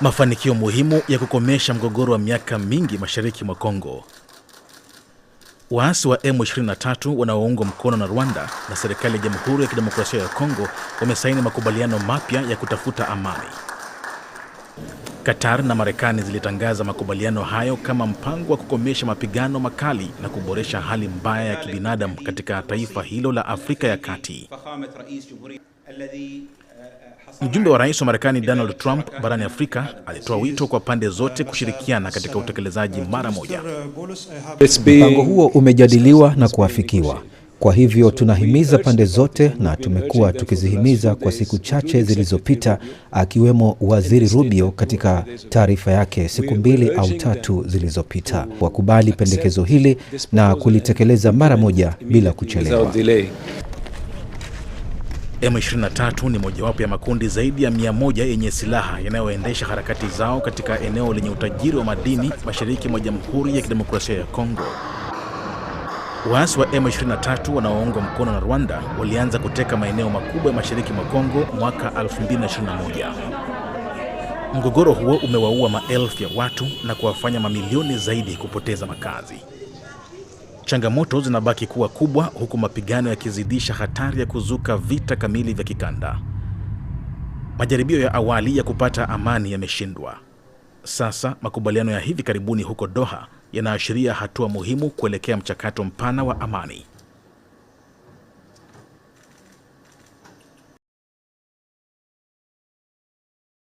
mafanikio muhimu ya kukomesha mgogoro wa miaka mingi mashariki mwa Kongo. Waasi wa M23 wanaoungwa mkono na Rwanda na serikali ya Jamhuri ya Kidemokrasia ya Kongo wamesaini makubaliano mapya ya kutafuta amani. Qatar na Marekani zilitangaza makubaliano hayo kama mpango wa kukomesha mapigano makali na kuboresha hali mbaya ya kibinadamu katika taifa hilo la Afrika ya Kati. Mjumbe wa rais wa Marekani Donald Trump barani Afrika alitoa wito kwa pande zote kushirikiana katika utekelezaji mara moja. Mpango huo umejadiliwa na kuafikiwa. Kwa hivyo tunahimiza pande zote na tumekuwa tukizihimiza kwa siku chache zilizopita, akiwemo Waziri Rubio katika taarifa yake siku mbili au tatu zilizopita, wakubali pendekezo hili na kulitekeleza mara moja bila kuchelewa. M23 ni mojawapo ya makundi zaidi ya mia moja yenye silaha yanayoendesha harakati zao katika eneo lenye utajiri wa madini mashariki mwa Jamhuri ya Kidemokrasia ya Kongo. Waasi wa M23 wanaoungwa mkono na Rwanda walianza kuteka maeneo makubwa ya mashariki mwa Kongo mwaka 2021. Mgogoro huo umewaua maelfu ya watu na kuwafanya mamilioni zaidi kupoteza makazi. Changamoto zinabaki kuwa kubwa, huku mapigano yakizidisha hatari ya kuzuka vita kamili vya kikanda. Majaribio ya awali ya kupata amani yameshindwa. Sasa makubaliano ya hivi karibuni huko Doha yanaashiria hatua muhimu kuelekea mchakato mpana wa amani.